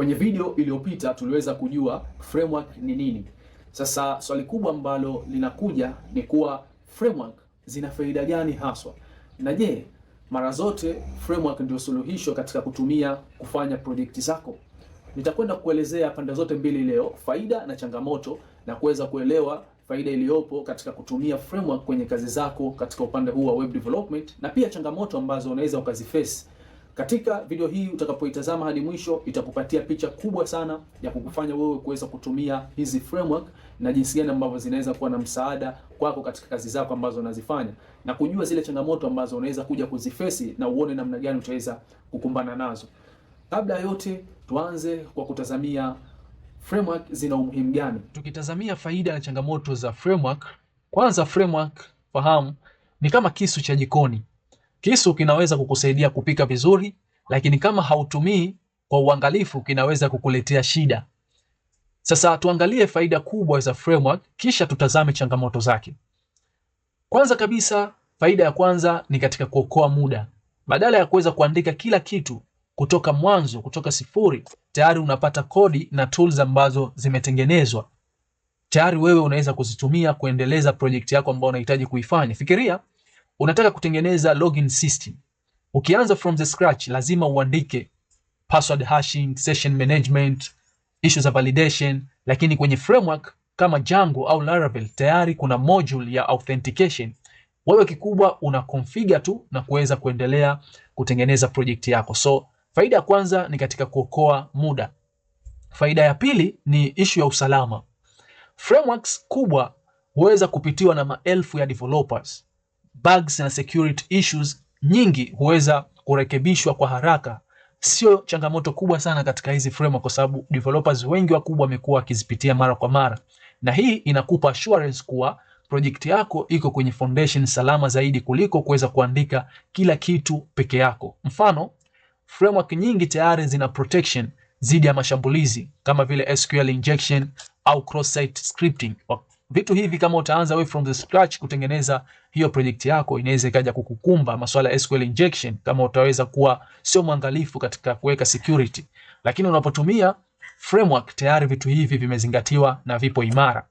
Kwenye video iliyopita tuliweza kujua framework ni nini. Sasa swali kubwa ambalo linakuja ni kuwa framework zina faida gani haswa, na je, mara zote framework ndio suluhisho katika kutumia kufanya project zako? Nitakwenda kuelezea pande zote mbili leo, faida na changamoto, na kuweza kuelewa faida iliyopo katika kutumia framework kwenye kazi zako katika upande huu wa web development, na pia changamoto ambazo unaweza ukaziface katika video hii utakapoitazama hadi mwisho, itakupatia picha kubwa sana ya kukufanya wewe kuweza kutumia hizi framework na jinsi gani ambavyo zinaweza kuwa na msaada kwako katika kazi zako ambazo unazifanya na kujua zile changamoto ambazo unaweza kuja kuzifesi na uone namna gani utaweza kukumbana nazo. Kabla ya yote, tuanze kwa kutazamia framework zina umuhimu gani. Tukitazamia faida na changamoto za framework, kwanza framework fahamu ni kama kisu cha jikoni Kisu kinaweza kukusaidia kupika vizuri, lakini kama hautumii kwa uangalifu kinaweza kukuletea shida. Sasa tuangalie faida kubwa za framework, kisha tutazame changamoto zake. Kwanza kabisa, faida ya kwanza ni katika kuokoa muda. Badala ya kuweza kuandika kila kitu kutoka mwanzo, kutoka sifuri, tayari unapata kodi na tools ambazo zimetengenezwa tayari, wewe unaweza kuzitumia kuendeleza project yako ambayo unahitaji kuifanya. Fikiria unataka kutengeneza login system. Ukianza from the scratch, lazima uandike password hashing, session management, issues of validation, lakini kwenye framework kama Django au Laravel tayari kuna module ya authentication. Wewe kikubwa una configure tu na kuweza kuendelea kutengeneza project yako. So faida ya kwanza ni katika kuokoa muda. Faida ya pili ni ishu ya usalama. Frameworks kubwa huweza kupitiwa na maelfu ya developers bugs na security issues nyingi huweza kurekebishwa kwa haraka. Sio changamoto kubwa sana katika hizi framework, kwa sababu developers wengi wakubwa wamekuwa wakizipitia mara kwa mara, na hii inakupa assurance kuwa project yako iko kwenye foundation salama zaidi kuliko kuweza kuandika kila kitu peke yako. Mfano, framework nyingi tayari zina protection dhidi ya mashambulizi kama vile SQL injection au cross site scripting vitu hivi kama utaanza we from the scratch kutengeneza hiyo project yako, inaweza ikaja kukukumba masuala ya SQL injection, kama utaweza kuwa sio mwangalifu katika kuweka security. Lakini unapotumia framework tayari vitu hivi vimezingatiwa na vipo imara,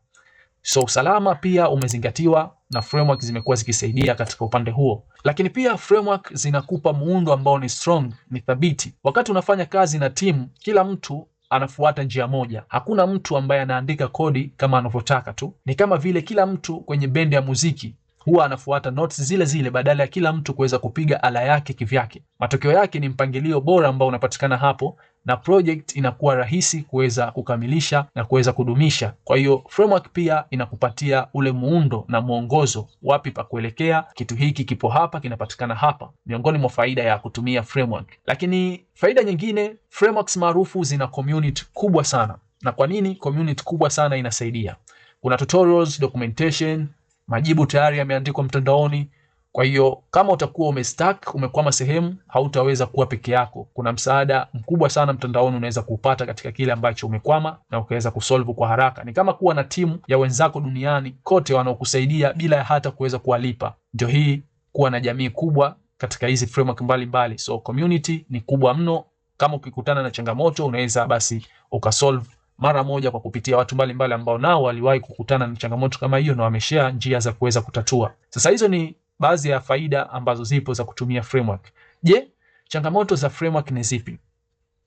so usalama pia umezingatiwa na framework zimekuwa zikisaidia katika upande huo. Lakini pia framework zinakupa muundo ambao ni strong, ni thabiti. Wakati unafanya kazi na timu, kila mtu anafuata njia moja. Hakuna mtu ambaye anaandika kodi kama anavyotaka tu, ni kama vile kila mtu kwenye bendi ya muziki huwa anafuata notes zile zile badala ya kila mtu kuweza kupiga ala yake kivyake. Matokeo yake ni mpangilio bora ambao unapatikana hapo, na project inakuwa rahisi kuweza kukamilisha na kuweza kudumisha. Kwa hiyo framework pia inakupatia ule muundo na mwongozo, wapi pa kuelekea, kitu hiki kipo hapa, kinapatikana hapa, miongoni mwa faida ya kutumia framework. Lakini faida nyingine, frameworks maarufu zina community kubwa sana. Na kwa nini community kubwa sana inasaidia? Kuna tutorials, documentation Majibu tayari yameandikwa mtandaoni. Kwa hiyo kama utakuwa umestack, umekwama sehemu, hautaweza kuwa peke yako. Kuna msaada mkubwa sana mtandaoni unaweza kuupata katika kile ambacho umekwama na ukaweza kusolve kwa haraka. Ni kama kuwa na timu ya wenzako duniani kote wanaokusaidia bila hata kuweza kuwalipa. Ndio hii kuwa na jamii kubwa katika hizi framework mbalimbali. So community ni kubwa mno. Kama ukikutana na changamoto unaweza basi ukasolve mara moja kwa kupitia watu mbalimbali ambao nao waliwahi kukutana na changamoto kama hiyo na wameshare njia za kuweza kutatua. Sasa hizo ni baadhi ya faida ambazo zipo za kutumia framework. Je, changamoto za framework ni zipi?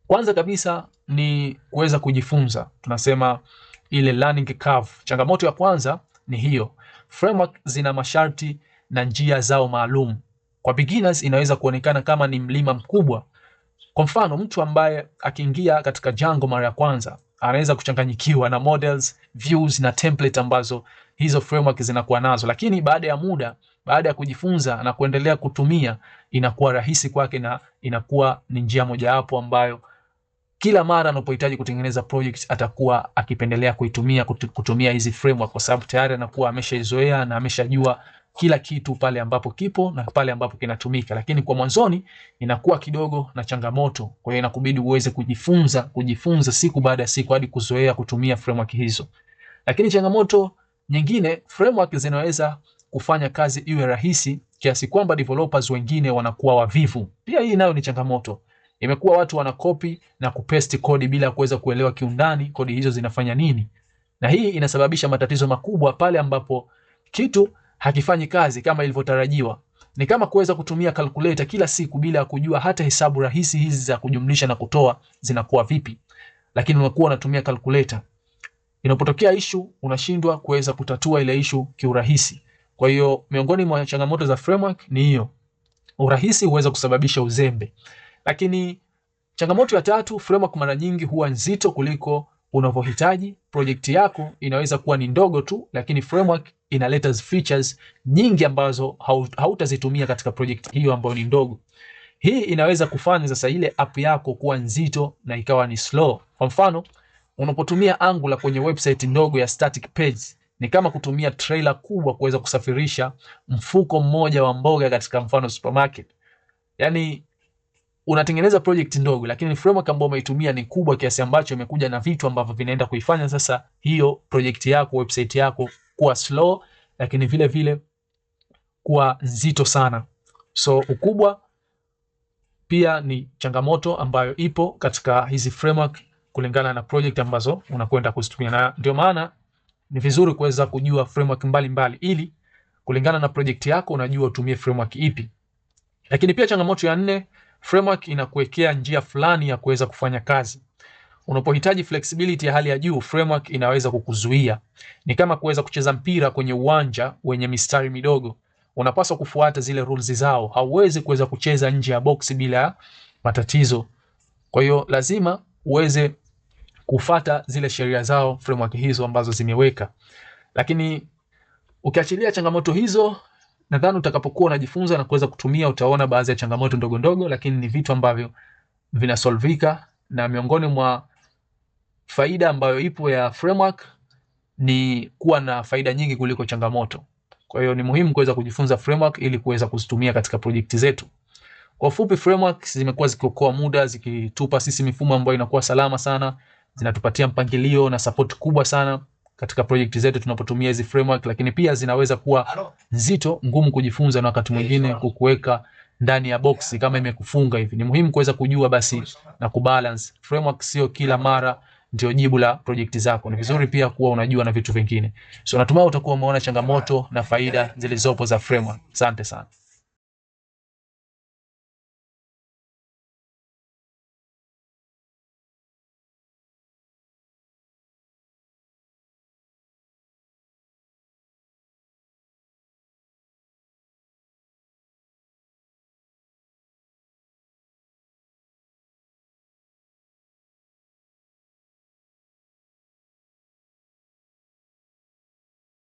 Kwanza kabisa ni kuweza kujifunza, tunasema ile learning curve. Changamoto ya kwanza ni hiyo. Framework zina masharti na njia zao maalum. Kwa beginners inaweza kuonekana kama ni mlima mkubwa. Kwa mfano, mtu ambaye akiingia katika jango mara ya kwanza anaweza kuchanganyikiwa na models, views na template ambazo hizo framework zinakuwa nazo, lakini baada ya muda, baada ya kujifunza na kuendelea kutumia, inakuwa rahisi kwake na inakuwa ni njia mojawapo ambayo kila mara anapohitaji kutengeneza project atakuwa akipendelea kuitumia kutumia hizi framework kwa sababu tayari anakuwa ameshaizoea na ameshajua kila kitu pale ambapo kipo na pale ambapo kinatumika, lakini kwa mwanzoni inakuwa kidogo na changamoto. Kwa hiyo inakubidi uweze kujifunza kujifunza siku baada ya siku hadi kuzoea kutumia framework hizo. Lakini changamoto nyingine, framework zinaweza kufanya kazi iwe rahisi kiasi kwamba developers wengine wanakuwa wavivu. Pia hii nayo ni changamoto. Imekuwa watu wanakopi na kupaste kodi bila kuweza kuelewa kiundani kodi hizo zinafanya nini, na hii inasababisha matatizo makubwa pale ambapo kitu hakifanyi kazi kama ilivyotarajiwa. Ni kama kuweza kutumia calculator kila siku bila ya kujua hata hesabu rahisi hizi za kujumlisha na kutoa zinakuwa vipi, lakini unakuwa unatumia calculator. Inapotokea issue unashindwa kuweza kutatua ile issue kiurahisi. Kwa hiyo miongoni mwa changamoto za framework ni hiyo, urahisi huweza kusababisha uzembe. Lakini changamoto ya tatu, framework mara nyingi huwa nzito kuliko unavyohitaji. Projekti yako inaweza kuwa ni ndogo tu, lakini framework inaleta features nyingi ambazo hautazitumia katika project hiyo ambayo ni ndogo. Hii inaweza kufanya sasa ile app yako kuwa nzito na ikawa ni slow. Kwa mfano, unapotumia Angular kwenye website ndogo ya static page ni kama kutumia trailer kubwa kuweza kusafirisha mfuko mmoja wa mboga katika mfano supermarket. Yaani unatengeneza project ndogo, lakini framework ambayo umeitumia ni kubwa kiasi ambacho imekuja na vitu ambavyo vinaenda kuifanya sasa hiyo project yako, website yako kuwa slow, lakini vile vile kuwa nzito sana. So ukubwa pia ni changamoto ambayo ipo katika hizi framework kulingana na project ambazo unakwenda kuzitumia, na ndio maana ni vizuri kuweza kujua framework mbalimbali mbali, ili kulingana na project yako unajua utumie framework ipi. Lakini pia changamoto ya nne Framework inakuwekea njia fulani ya kuweza kufanya kazi. Unapohitaji flexibility ya hali ya juu, framework inaweza kukuzuia. Ni kama kuweza kucheza mpira kwenye uwanja wenye mistari midogo, unapaswa kufuata zile rules zao. Hauwezi kuweza kucheza nje ya box bila matatizo. Kwa hiyo lazima uweze kufata zile sheria zao framework hizo ambazo zimeweka, lakini ukiachilia changamoto hizo nadhani utakapokuwa unajifunza na kuweza kutumia utaona baadhi ya changamoto ndogo ndogo, lakini ni vitu ambavyo vinasolvika, na miongoni mwa faida ambayo ipo ya framework ni kuwa na faida nyingi kuliko changamoto. Kwa hiyo ni muhimu kuweza kujifunza framework ili kuweza kuzitumia katika projekti zetu. Kwa ufupi, framework zimekuwa zikiokoa muda, zikitupa sisi mifumo ambayo inakuwa salama sana, zinatupatia mpangilio na support kubwa sana katika project zetu tunapotumia hizi framework, lakini pia zinaweza kuwa nzito, ngumu kujifunza, na wakati mwingine kukuweka ndani ya box kama imekufunga hivi. Ni muhimu kuweza kujua basi na kubalance framework, sio kila mara ndio jibu la project zako. Ni vizuri pia kuwa unajua na vitu vingine. So natumai utakuwa umeona changamoto na faida zilizopo za framework. Asante sana.